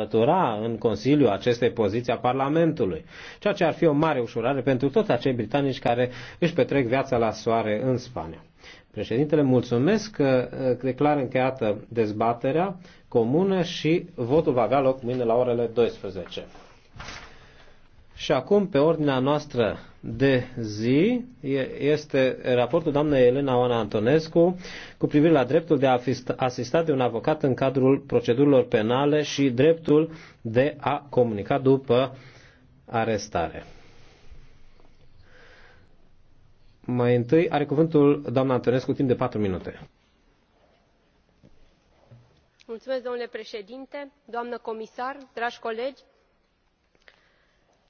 alătura în Consiliu acestei poziții a Parlamentului, ceea ce ar fi o mare ușurare pentru toți acei britanici care își petrec viața la soare în Spania. Președintele, mulțumesc că uh, declară încheiată dezbaterea comună și votul va avea loc mâine la orele 12. Și acum, pe ordinea noastră de zi, este raportul doamnei Elena Oana Antonescu cu privire la dreptul de a fi asistat de un avocat în cadrul procedurilor penale și dreptul de a comunica după arestare. Mai întâi are cuvântul doamna Antonescu timp de 4 minute. Mulțumesc, domnule președinte, doamnă comisar, dragi colegi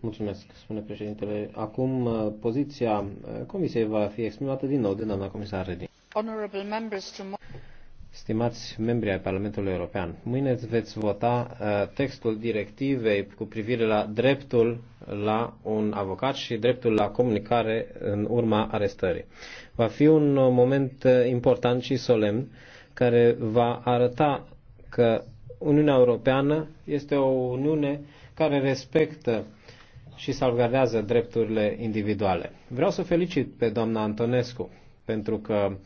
Mulțumesc, spune președintele. Acum uh, poziția uh, Comisiei va fi exprimată din nou de doamna comisar Redi. Stimați membri ai Parlamentului European, mâine veți vota uh, textul directivei cu privire la dreptul la un avocat și dreptul la comunicare în urma arestării. Va fi un moment important și solemn care va arăta că Uniunea Europeană este o Uniune care respectă și salvgardează drepturile individuale. Vreau să felicit pe doamna Antonescu pentru că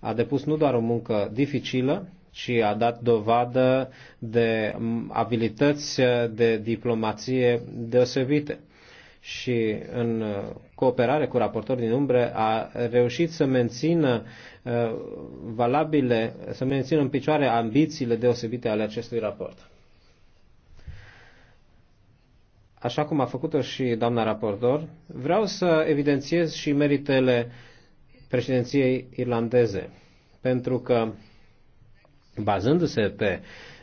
a depus nu doar o muncă dificilă, ci a dat dovadă de abilități de diplomație deosebite și în uh, cooperare cu raportori din umbre a reușit să mențină uh, valabile, să mențină în picioare ambițiile deosebite ale acestui raport. Așa cum a făcut-o și doamna raportor, vreau să evidențiez și meritele președinției irlandeze, pentru că bazându-se pe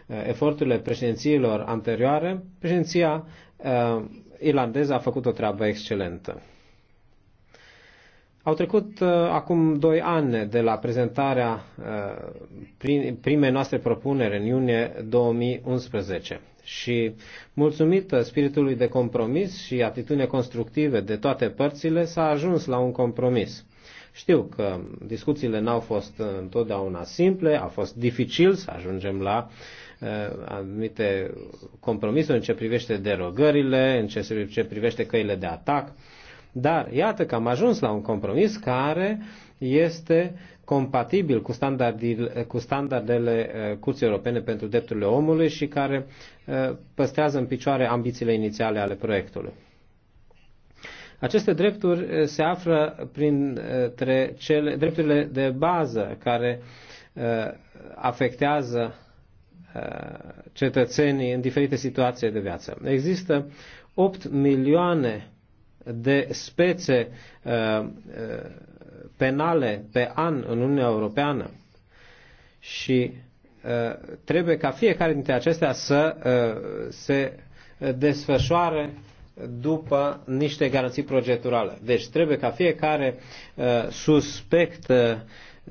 uh, eforturile președințiilor anterioare, președinția irlandeză a făcut o treabă excelentă. Au trecut uh, acum doi ani de la prezentarea uh, prim, primei noastre propuneri, în iunie 2011 și mulțumită spiritului de compromis și atitudine constructive de toate părțile s-a ajuns la un compromis. Știu că discuțiile n-au fost întotdeauna simple, a fost dificil să ajungem la uh, Eh, anumite compromisuri în ce privește derogările, în ce privește căile de atac. Dar iată că am ajuns la un compromis care este compatibil cu, cu standardele eh, Curții Europene pentru Drepturile Omului și care eh, păstrează în picioare ambițiile inițiale ale proiectului. Aceste drepturi se află printre cele, drepturile de bază care afectează cetățenii în diferite situații de viață. Există 8 milioane de spețe uh, uh, penale pe an în Uniunea Europeană și uh, trebuie ca fiecare dintre acestea să se desfășoare după niște garanții procedurale. Deci trebuie ca fiecare uh, suspect uh,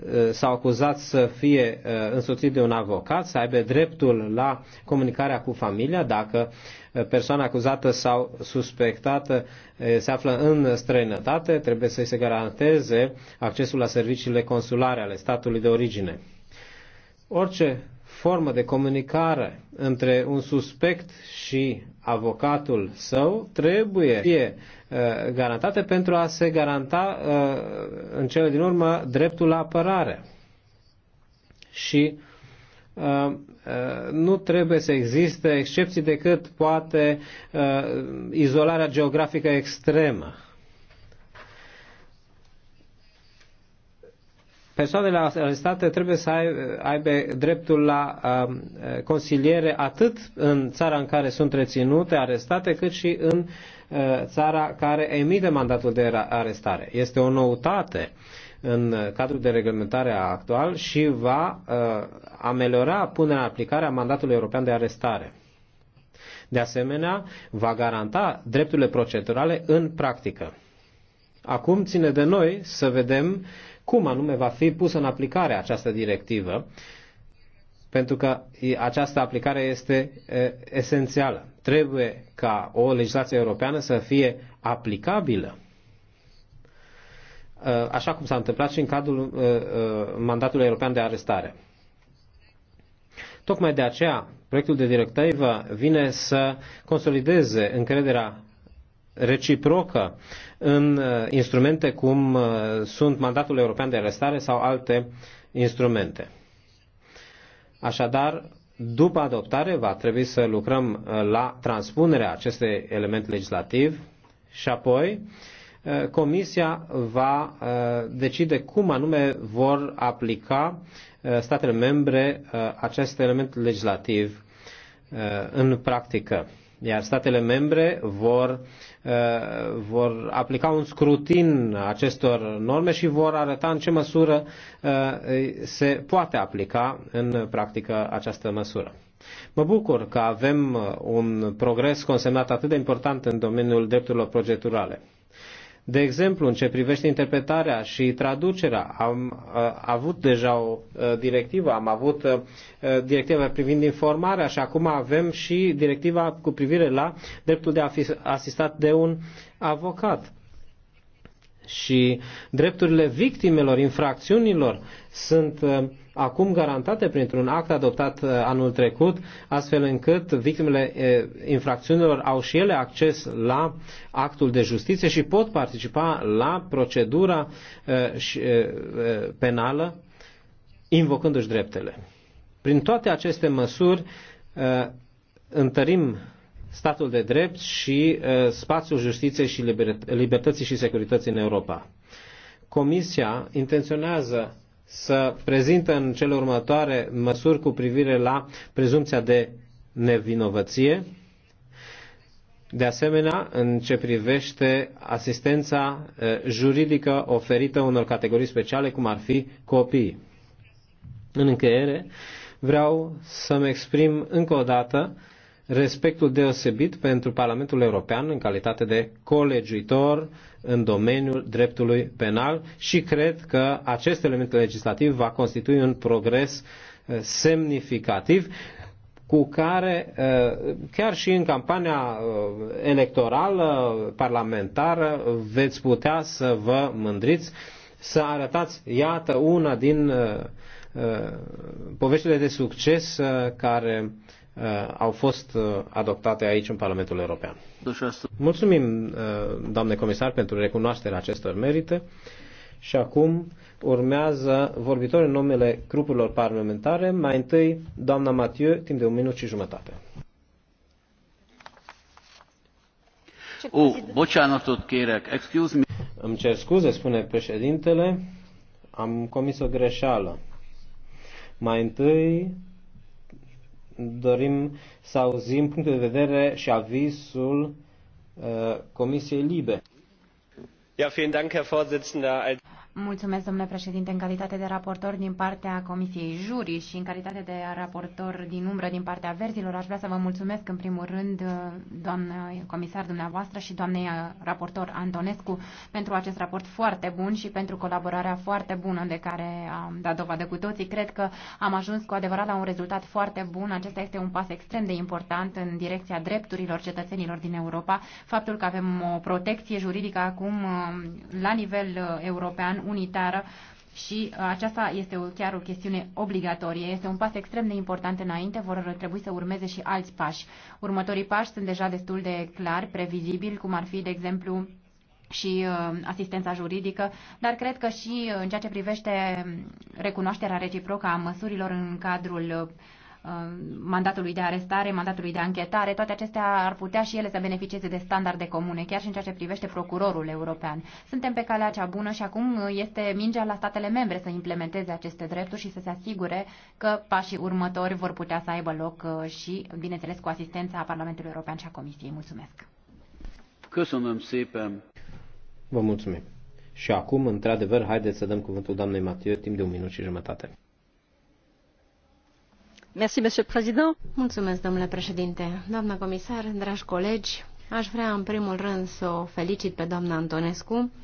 Uh, sau acuzat să fie uh, însoțit de un avocat, să aibă dreptul la comunicarea cu familia dacă uh, persoana acuzată sau suspectată se află în străinătate, trebuie să-i se garanteze accesul la serviciile consulare ale statului de origine. Orice formă de comunicare între un suspect și avocatul său trebuie fie uh, garantate pentru a se garanta uh, în cele din urmă dreptul la apărare. Și uh, nu trebuie să existe excepții decât poate izolarea geografică extremă. persoanele arestate trebuie să aibă dreptul la um, consiliere atât în țara în care sunt reținute, arestate, cât și în uh, țara care emite mandatul de arestare. Este o noutate în cadrul de reglementare actual și va uh, ameliora punerea în aplicare a mandatului european de arestare. De asemenea, va garanta drepturile procedurale în practică. Acum ține de noi să vedem cum anume va fi pusă în aplicare această directivă, pentru că această aplicare este esențială. Trebuie ca o legislație europeană să fie aplicabilă așa cum s-a întâmplat și în cadrul mandatului european de arestare. Tocmai de aceea, proiectul de directivă vine să consolideze încrederea reciprocă în uh, instrumente cum uh, sunt mandatul european de arestare sau alte instrumente. Așadar, după adoptare va trebui să lucrăm uh, la transpunerea acestui element legislativ și apoi Comisia va decide cum anume vor aplica statele membre acest element legislativ în practică. Iar statele membre vor Uh, vor aplica un scrutin acestor norme și vor arăta în ce măsură uh, se poate aplica în practică această măsură. Mă bucur că avem un progres consemnat atât de important în domeniul drepturilor procedurale. De exemplu, în ce privește interpretarea și traducerea, am uh, avut deja o uh, directivă, am avut uh, directiva privind informarea și acum avem și directiva cu privire la dreptul de a fi asistat de un avocat și drepturile victimelor infracțiunilor sunt uh, acum garantate printr-un act adoptat uh, anul trecut, astfel încât victimele uh, infracțiunilor au și ele acces la actul de justiție și pot participa la procedura penală invocându-și dreptele. Prin toate aceste măsuri întărim statul de drept și uh, spațiul justiției și libertății și securității în Europa. Comisia intenționează să prezintă în cele următoare măsuri cu privire la prezumția de nevinovăție, de asemenea, în ce privește asistența uh, juridică oferită unor categorii speciale, cum ar fi copiii. În încheiere, vreau să-mi exprim încă o dată respectul deosebit pentru Parlamentul European în calitate de colegiuitor în domeniul dreptului penal și cred că acest element legislativ va constitui un progres eh, semnificativ cu care eh, chiar și în campania eh, electorală parlamentară veți putea să vă mândriți, să arătați, iată, una din poveștile de succes care uh, Uh, au fost uh, adoptate aici în Parlamentul European. Mulțumim, uh, doamne comisar, pentru recunoașterea acestor merite și acum urmează vorbitor în numele grupurilor parlamentare. Mai întâi, doamna Mathieu, timp de un minut și jumătate. Oh, bocsánatot kérek, excuse me. Îmi cer scuze, spune președintele, am comis o greșeală. Mai întâi, dorim să auzim punctul de vedere și avizul uh, Comisiei Libe. Ja, vielen Dank, Herr Vorsitzender. Mulțumesc, domnule președinte, în calitate de raportor din partea Comisiei Juri și în calitate de raportor din umbră din partea verzilor, aș vrea să vă mulțumesc în primul rând, doamnă comisar dumneavoastră și doamnei raportor Antonescu, pentru acest raport foarte bun și pentru colaborarea foarte bună de care am dat dovadă cu toții. Cred că am ajuns cu adevărat la un rezultat foarte bun. Acesta este un pas extrem de important în direcția drepturilor cetățenilor din Europa. Faptul că avem o protecție juridică acum la nivel uh, european unitară și uh, aceasta este chiar o chestiune obligatorie. Este un pas extrem de important înainte, vor trebui să urmeze și alți pași. Următorii pași sunt deja destul de clar, previzibili, cum ar fi, de exemplu, și uh, asistența juridică, dar cred că și uh, în ceea ce privește recunoașterea reciprocă a măsurilor în cadrul uh, mandatului de arestare, mandatului de anchetare, toate acestea ar putea și ele să beneficieze de standarde comune, chiar și în ceea ce privește procurorul european. Suntem pe calea cea bună și acum este mingea la statele membre să implementeze aceste drepturi și să se asigure că pașii următori vor putea să aibă loc uh, și, bineînțeles, cu asistența Parlamentului European și a Comisiei. Mulțumesc! Vă mulțumim! Și acum, într-adevăr, haideți să dăm cuvântul doamnei Matiu timp de un minut și jumătate. Mulțumesc, domnule președinte doamnă comisar dragi colegi aș vrea în primul rând să o felicit pe doamna antonescu pentru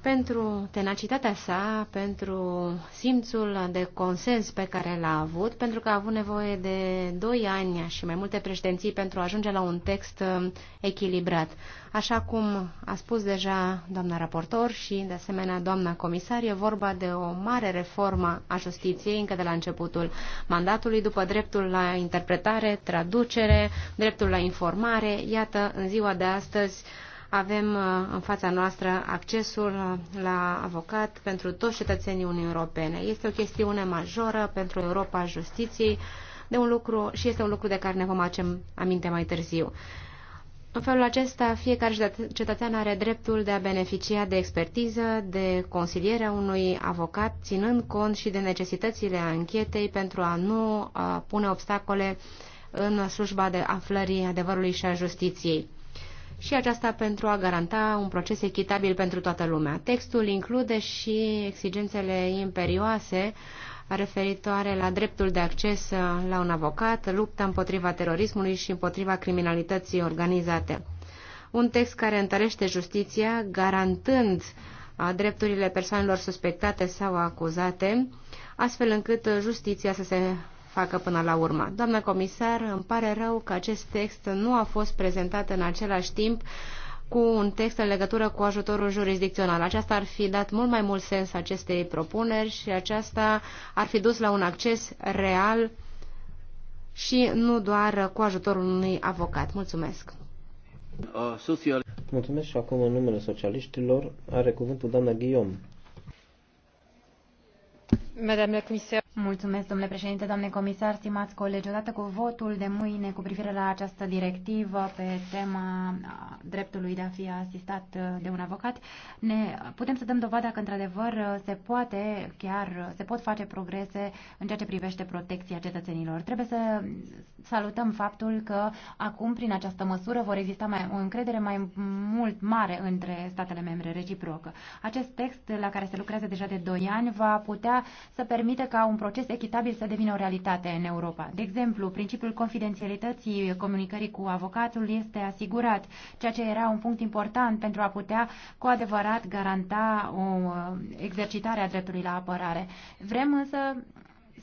pentru tenacitatea sa, pentru simțul de consens pe care l-a avut, pentru că a avut nevoie de doi ani și mai multe președinții pentru a ajunge la un text um, echilibrat. Așa cum a spus deja doamna raportor și, de asemenea, doamna comisar, e vorba de o mare reformă a justiției încă de la începutul mandatului, după dreptul la interpretare, traducere, dreptul la informare. Iată, în ziua de astăzi, avem uh, în fața noastră accesul uh, la avocat pentru toți cetățenii Uniunii Europene. Este o chestiune majoră pentru Europa Justiției de un lucru, și este un lucru de care ne vom face aminte mai târziu. În felul acesta, fiecare cetățean are dreptul de a beneficia de expertiză, de consilierea unui avocat, ținând cont și de necesitățile anchetei pentru a nu uh, pune obstacole în slujba de aflării adevărului și a justiției și aceasta pentru a garanta un proces echitabil pentru toată lumea. Textul include și exigențele imperioase referitoare la dreptul de acces la un avocat, lupta împotriva terorismului și împotriva criminalității organizate. Un text care întărește justiția, garantând drepturile persoanelor suspectate sau acuzate, astfel încât justiția să se facă până la urmă. Doamnă comisar, îmi pare rău că acest text nu a fost prezentat în același timp cu un text în legătură cu ajutorul jurisdicțional. Aceasta ar fi dat mult mai mult sens acestei propuneri și aceasta ar fi dus la un acces real și nu doar cu ajutorul unui avocat. Mulțumesc! Mulțumesc și acum în numele socialiștilor are cuvântul doamna Guillaume. Mulțumesc, domnule președinte, colegi. Odată cu votul de mâine cu privire la această directivă pe tema dreptului de a fi asistat de un avocat, ne putem să dăm dovada că, într-adevăr, se poate chiar, se pot face progrese în ceea ce privește protecția cetățenilor. Trebuie să salutăm faptul că acum, prin această măsură, vor exista mai, o încredere mai mult mare între statele membre reciprocă. Acest text, la care se lucrează deja de 2 ani, va putea să permită ca un proces echitabil să devină o realitate în Europa. De exemplu, principiul confidențialității comunicării cu avocatul este asigurat, ceea ce era un punct important pentru a putea cu adevărat garanta o uh, exercitare a dreptului la apărare. Vrem însă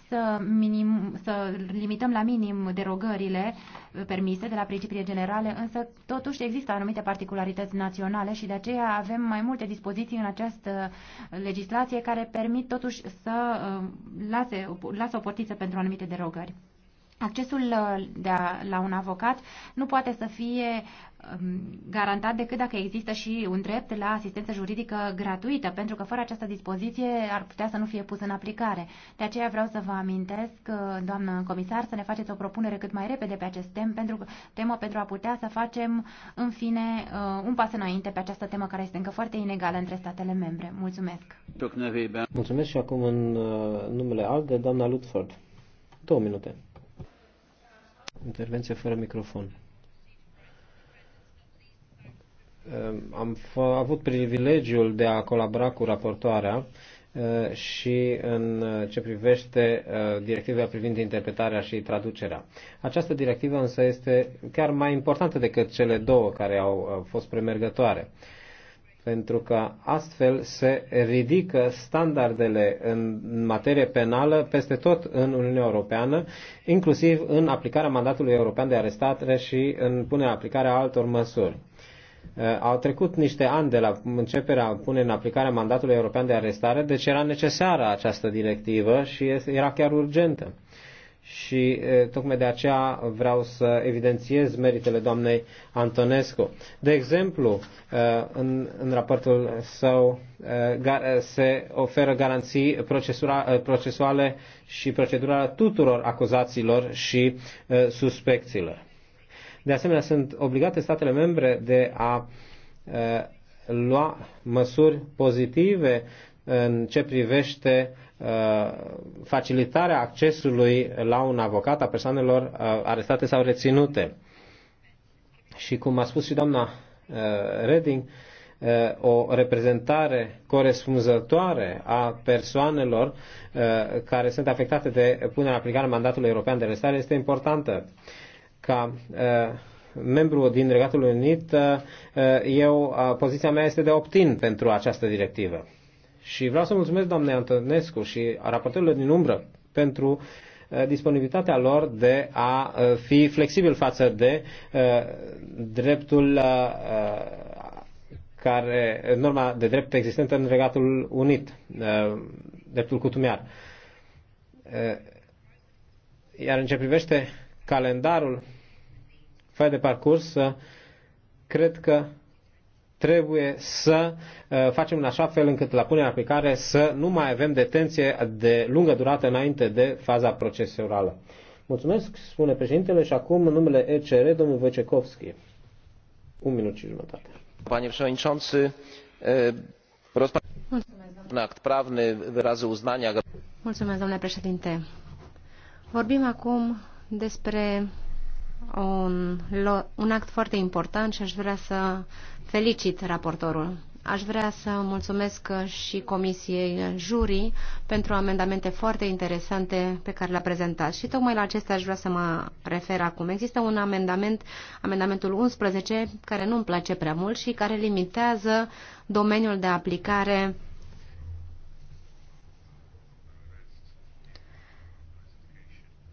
să, minim, să limităm la minim derogările uh, permise de la principiile generale, însă totuși există anumite particularități naționale și de aceea avem mai multe dispoziții în această legislație care permit totuși să uh, lase, lasă o portiță pentru anumite derogări. Accesul uh, de a, la un avocat nu poate să fie um, garantat decât dacă există și un drept la asistență juridică gratuită, pentru că fără această dispoziție ar putea să nu fie pus în aplicare. De aceea vreau să vă amintesc, uh, doamnă comisar, să ne faceți o propunere cât mai repede pe acest tem, pentru, temă pentru a putea să facem, în fine, uh, un pas înainte pe această temă care este încă foarte inegală între statele membre. Mulțumesc! Mulțumesc și acum în numele ALDE, doamna Lutford. Două minute. Intervenție fără microfon. Ehm, am avut privilegiul de a colabora cu raportoarea ehm, și în eh, ce privește eh, directiva privind interpretarea și traducerea. Această directivă însă este chiar mai importantă decât cele două care au eh, fost premergătoare pentru că astfel se ridică standardele în materie penală peste tot în Uniunea Europeană, inclusiv în aplicarea mandatului european de arestare și în punerea aplicarea altor măsuri. Eh, au trecut niște ani de la începerea punerii în aplicare mandatului european de arestare, deci era necesară această directivă și era chiar urgentă și tocmai de aceea vreau să evidențiez meritele doamnei Antonescu. De exemplu, în, în raportul său se oferă garanții procesuale și procedurale tuturor acuzaților și suspecților. De asemenea, sunt obligate statele membre de a lua măsuri pozitive în ce privește uh, Uh, facilitarea accesului la un avocat a persoanelor uh, arestate sau reținute. Și cum a spus și doamna uh, Reding, o reprezentare corespunzătoare a persoanelor care sunt afectate de punerea în aplicare mandatului european de arestare este importantă. Ca membru din Regatul Unit, eu, poziția mea este de optin pentru această directivă. Și vreau să mulțumesc doamnei Antonescu și a raportorilor din umbră pentru uh, disponibilitatea lor de a uh, fi flexibil față de uh, dreptul care, norma de drept existentă în Regatul Unit, dreptul cutumiar. Iar în ce privește calendarul, fai de parcurs, cred că trebuie să uh, facem în așa fel încât la punerea aplicare să nu mai avem detenție de lungă durată înainte de faza procesorală. Mulțumesc, spune președintele, și acum în numele ECR, domnul Vecekovski. Un minut și jumătate. Panie przewodniczący, rozpoczynamy akt prawny wyrazy uznania. Mulțumesc, domnule președinte. Vorbim acum despre un, un act foarte important și aș vrea să felicit raportorul. Aș vrea să mulțumesc și Comisiei Jurii pentru amendamente foarte interesante pe care le-a prezentat. Și tocmai la acestea aș vrea să mă refer acum. Există un amendament, amendamentul 11, care nu-mi place prea mult și care limitează domeniul de aplicare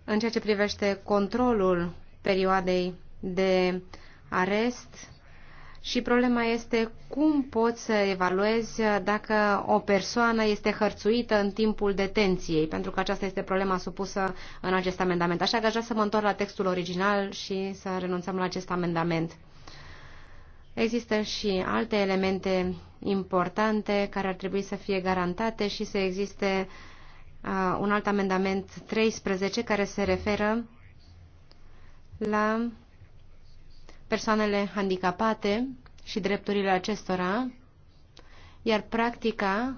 în ceea ce privește controlul perioadei de arest și problema este cum poți să evaluezi dacă o persoană este hărțuită în timpul detenției, pentru că aceasta este problema supusă în acest amendament. Așa că aș vrea să mă întorc la textul original și să renunțăm la acest amendament. Există și alte elemente importante care ar trebui să fie garantate și să existe uh, un alt amendament 13 care se referă la persoanele handicapate și drepturile acestora, iar practica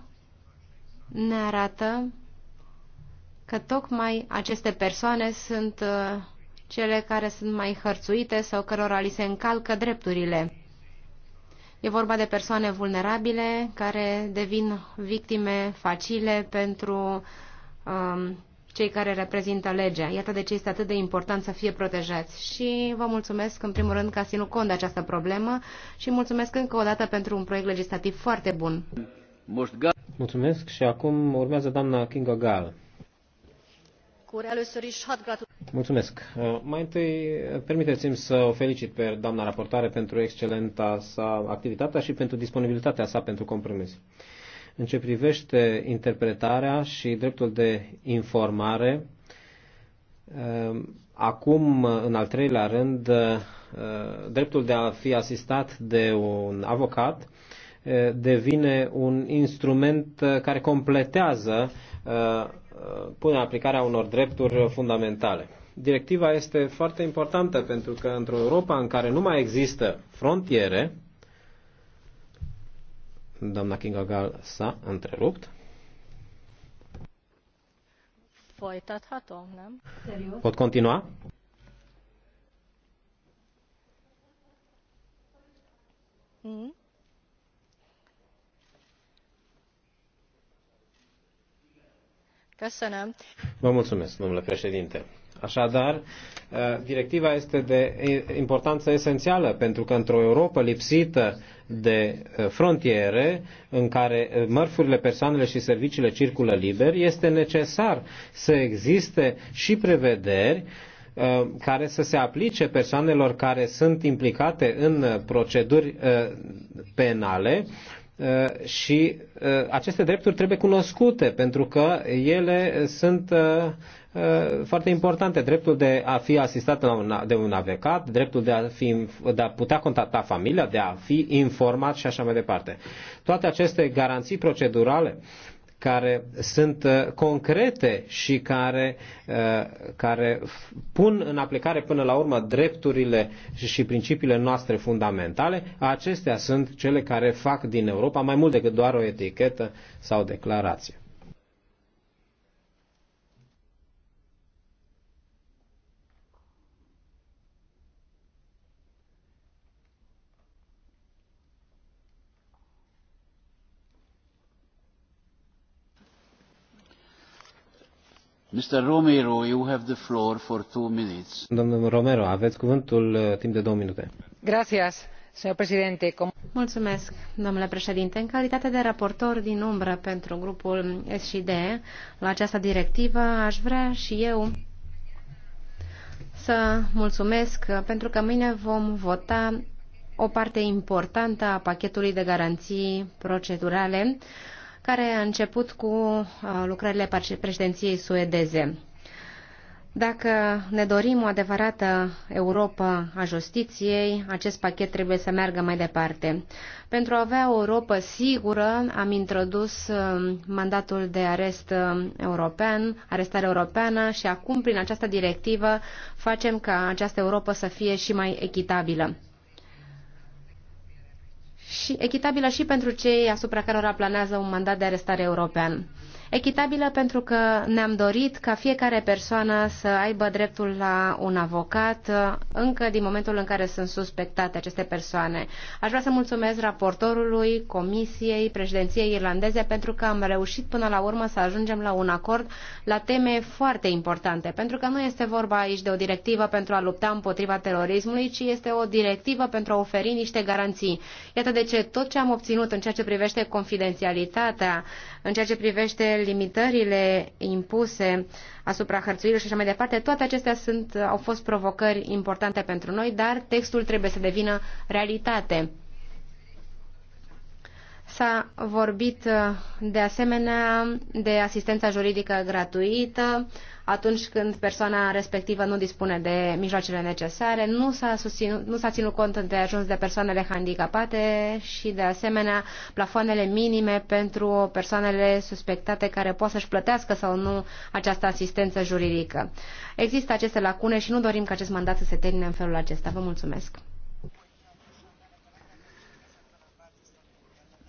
ne arată că tocmai aceste persoane sunt uh, cele care sunt mai hărțuite sau cărora li se încalcă drepturile. E vorba de persoane vulnerabile care devin victime facile pentru um, cei care reprezintă legea. Iată de ce este atât de important să fie protejați. Și vă mulțumesc în primul rând că ați ținut cont de această problemă și mulțumesc încă o dată pentru un proiect legislativ foarte bun. Mulțumesc și acum urmează doamna Kinga Gal. Mulțumesc. Uh, mai întâi, permiteți-mi să o felicit pe doamna raportare pentru excelenta sa activitatea și pentru disponibilitatea sa pentru compromis. În ce privește interpretarea și dreptul de informare, um, acum, în al treilea rând, uh, dreptul de a fi asistat de un avocat uh, devine un instrument uh, care completează punerea aplicarea aplicare a unor drepturi fundamentale. Directiva este foarte importantă pentru că într-o Europa în care nu mai există frontiere, Doamna Kinga Gal s-a întrerupt. Pot continua? Mm. Vă mulțumesc, domnule președinte. Așadar, Uh, directiva este de importanță esențială pentru că într-o Europa lipsită de uh, frontiere în care uh, mărfurile, persoanele și serviciile circulă liber, este necesar să existe și prevederi care să se aplice persoanelor care sunt implicate în proceduri penale Eh, și eh, aceste drepturi trebuie cunoscute pentru că ele sunt eh, foarte importante. Dreptul de a fi asistat de un avocat, dreptul de a, fi, de a putea contacta familia, de a fi informat și așa mai departe. Toate aceste garanții procedurale care sunt uh, concrete și care, uh, care pun în aplicare până la urmă drepturile și principiile noastre fundamentale, acestea sunt cele care fac din Europa mai mult decât doar o etichetă sau declarație. Mr. Romero, you have the floor for two minutes. Domnul Romero, aveți cuvântul uh, timp de două minute. Gracias. Mulțumesc, domnule președinte în calitate de raportor din umbră pentru grupul sd la această directivă aș vrea și eu să mulțumesc uh, pentru că mâine vom vota o parte importantă a pachetului de garanții procedurale care care a început cu uh, lucrările președinției suedeze. Dacă ne dorim o adevărată Europa a justiției, acest pachet trebuie să meargă mai departe. Pentru a avea o Europa sigură, am introdus uh, mandatul de arest uh, european, arestare europeană și acum, prin această directivă, facem ca această Europa să fie și mai echitabilă și echitabilă și pentru cei asupra cărora planează un mandat de arestare european. Echitabilă pentru că ne-am dorit ca fiecare persoană să aibă dreptul la un avocat uh, încă din momentul în care sunt suspectate aceste persoane. Aș vrea să mulțumesc raportorului, comisiei, președinției irlandeze pentru că am reușit până la urmă să ajungem la un acord la teme foarte importante, pentru că nu este vorba aici de o directivă pentru a lupta împotriva terorismului, ci este o directivă pentru a oferi niște garanții. Iată de ce tot ce am obținut în ceea ce privește confidențialitatea, în ceea ce privește limitările impuse asupra hărțuirii și așa mai departe, toate acestea sunt, au fost provocări importante pentru noi, dar textul trebuie să devină realitate. S-a vorbit uh, de asemenea de asistența juridică gratuită atunci când persoana respectivă nu dispune de mijloacele necesare, nu s-a, susținut, nu s-a ținut cont de ajuns de persoanele handicapate și de asemenea plafoanele minime pentru persoanele suspectate care pot să-și plătească sau nu această asistență juridică. Există aceste lacune și nu dorim ca acest mandat să se termine în felul acesta. Vă mulțumesc!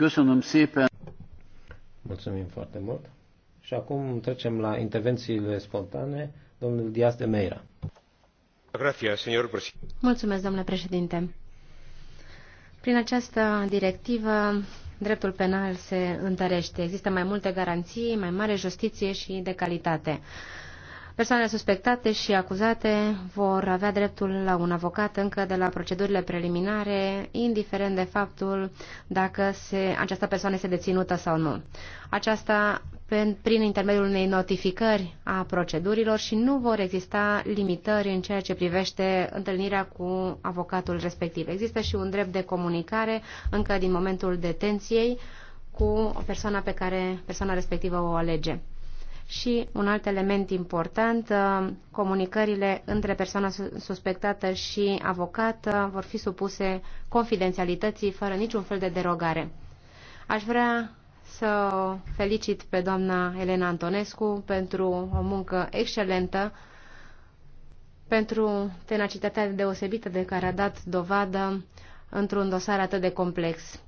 Köszönöm szépen. Mulțumim foarte mult. Și acum trecem la intervențiile spontane. Domnul Dias de Meira. Mulțumesc, domnule președinte. Prin această directivă, dreptul penal se întărește. Există mai multe garanții, mai mare justiție și de calitate. Persoanele suspectate și acuzate vor avea dreptul la un avocat încă de la procedurile preliminare, indiferent de faptul dacă se, această persoană este deținută sau nu. Aceasta prin intermediul unei notificări a procedurilor și nu vor exista limitări în ceea ce privește întâlnirea cu avocatul respectiv. Există și un drept de comunicare încă din momentul detenției cu o persoană pe care persoana respectivă o alege. Și un alt element important, uh, comunicările între persoana suspectată și avocat vor fi supuse confidențialității fără niciun fel de derogare. Aș vrea să felicit pe doamna Elena Antonescu pentru o muncă excelentă, pentru tenacitatea deosebită de care a dat dovadă într-un dosar atât de complex.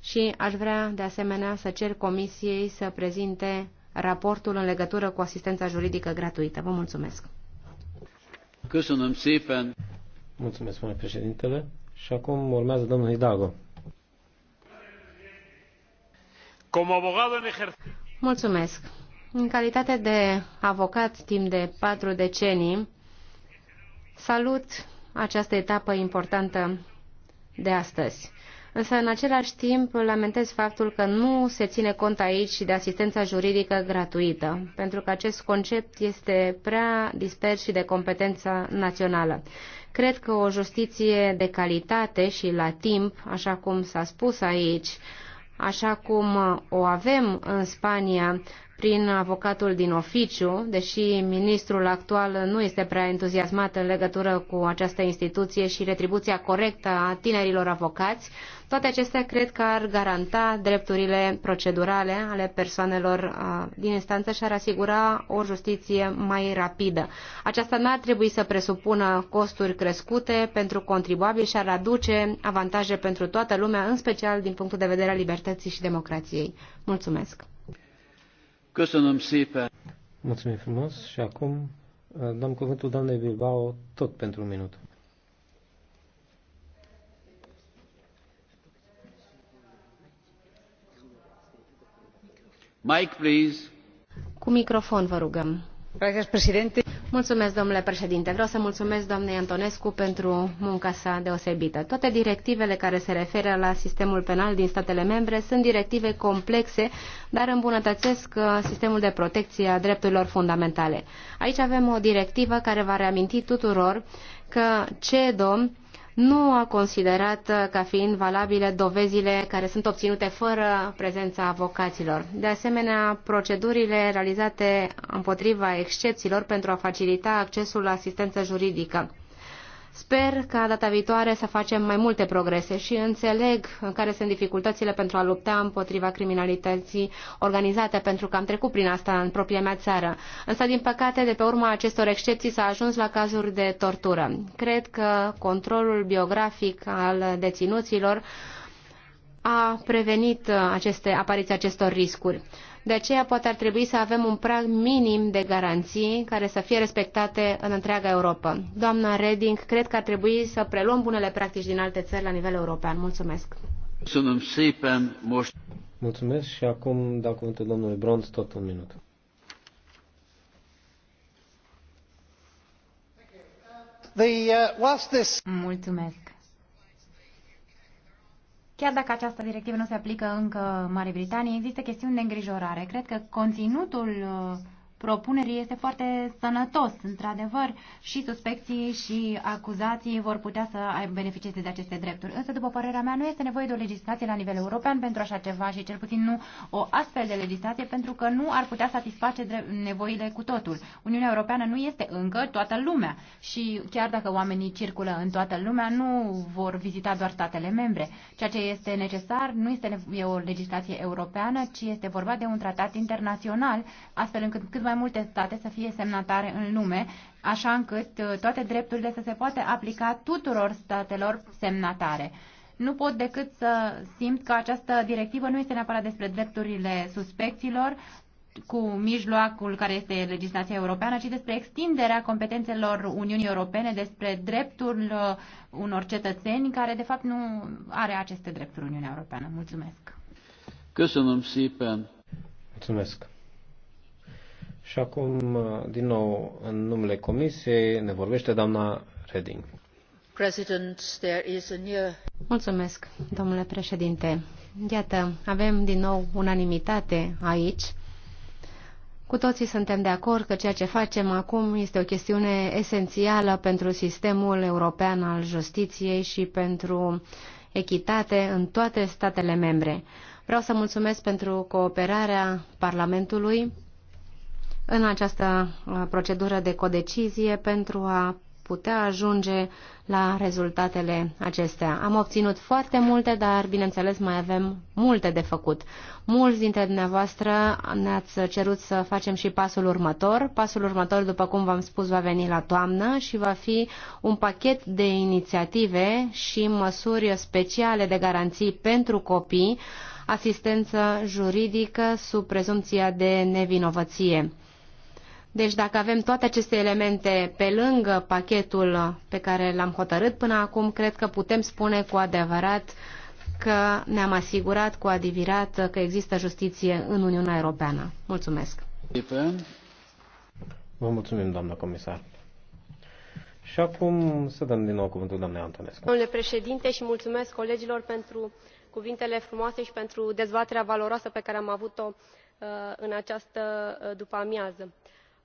Și aș vrea, de asemenea, să cer comisiei să prezinte raportul în legătură cu asistența juridică gratuită. Vă mulțumesc! Mulțumesc, domnule președintele. Și acum urmează domnul Hidalgo. Mulțumesc. În calitate de avocat timp de patru decenii, salut această etapă importantă de astăzi. Însă, în același timp, lamentez faptul că nu se ține cont aici de asistența juridică gratuită, pentru că acest concept este prea dispers și de competența națională. Cred că o justiție de calitate și la timp, așa cum s-a spus aici, așa cum o avem în Spania, prin avocatul din oficiu, deși ministrul actual nu este prea entuziasmat în legătură cu această instituție și retribuția corectă a tinerilor avocați, toate acestea cred că ar garanta drepturile procedurale ale persoanelor din instanță și ar asigura o justiție mai rapidă. Aceasta nu ar trebui să presupună costuri crescute pentru contribuabili și ar aduce avantaje pentru toată lumea, în special din punctul de vedere al libertății și democrației. Mulțumesc! Köszönöm szépen. Mulțumim frumos și acum eh, dăm cuvântul doamnei Bilbao tot pentru un minut. Mike, please. Cu microfon vă rugăm. Mulțumesc, domnule președinte. Vreau să mulțumesc doamnei Antonescu pentru munca sa deosebită. Toate directivele care se referă la sistemul penal din statele membre sunt directive complexe, dar îmbunătățesc uh, sistemul de protecție a drepturilor fundamentale. Aici avem o directivă care va reaminti tuturor că cedo nu a considerat ca fiind valabile dovezile care sunt obținute fără prezența avocaților. De asemenea, procedurile realizate împotriva excepțiilor pentru a facilita accesul la asistență juridică. Sper ca data viitoare să facem mai multe progrese și înțeleg care sunt dificultățile pentru a lupta împotriva criminalității organizate, pentru că am trecut prin asta în propria mea țară. Însă, din păcate, de pe urma acestor excepții s-a ajuns la cazuri de tortură. Cred că controlul biografic al deținuților a prevenit aceste, apariția acestor riscuri. De aceea poate ar trebui să avem un prag minim de garanții care să fie respectate în întreaga Europa. Doamna Reding, cred că ar trebui să preluăm bunele practici din alte țări la nivel european. Mulțumesc! Mulțumesc și acum dau cuvântul domnului Bronz tot un minut. Uh, Mulțumesc. Chiar dacă această directivă nu se aplică încă Marii Britanii, există chestiuni de îngrijorare. Cred că conținutul uh, propunerii este foarte sănătos, într-adevăr, și suspecții și acuzații vor putea să beneficieze de aceste drepturi. Însă, după părerea mea, nu este nevoie de o legislație la nivel european pentru așa ceva și cel puțin nu o astfel de legislație pentru că nu ar putea satisface nevoile cu totul. Uniunea Europeană nu este încă toată lumea și chiar dacă oamenii circulă în toată lumea, nu vor vizita doar statele membre. Ceea ce este necesar nu este o legislație europeană, ci este vorba de un tratat internațional, astfel încât cât mai mai multe state să fie semnatare în lume, așa încât uh, toate drepturile să se poată aplica tuturor statelor semnatare. Nu pot decât să simt că această directivă nu este neapărat despre drepturile suspecților, cu mijloacul care este legislația europeană, ci despre extinderea competențelor Uniunii Europene, despre dreptul uh, unor cetățeni care de fapt nu are aceste drepturi Uniunea Europeană. Mulțumesc! Mulțumesc! Și acum, din nou, în numele Comisiei, ne vorbește doamna Reding. Mulțumesc, domnule președinte. Iată, avem din nou unanimitate aici. Cu toții suntem de acord că ceea ce facem acum este o chestiune esențială pentru sistemul european al justiției și pentru echitate în toate statele membre. Vreau să mulțumesc pentru cooperarea Parlamentului în această uh, procedură de codecizie pentru a putea ajunge la rezultatele acestea. Am obținut foarte multe, dar bineînțeles mai avem multe de făcut. Mulți dintre dumneavoastră ne-ați cerut să facem și pasul următor. Pasul următor, după cum v-am spus, va veni la toamnă și va fi un pachet de inițiative și măsuri speciale de garanții pentru copii, asistență juridică sub prezumția de nevinovăție deci dacă avem toate aceste elemente pe lângă pachetul pe care l-am hotărât până acum, cred că putem spune cu adevărat că ne-am asigurat cu adevărat că există justiție în Uniunea Europeană. Mulțumesc! Vă mulțumim, doamnă comisar! Și acum să dăm din nou cuvântul doamnei Antonescu. Domnule președinte și mulțumesc colegilor pentru cuvintele frumoase și pentru dezbaterea valoroasă pe care am avut-o uh, în această uh, după amiază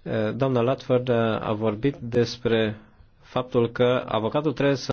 Eh, doamna Latford eh, a vorbit despre faptul că avocatul trebuie să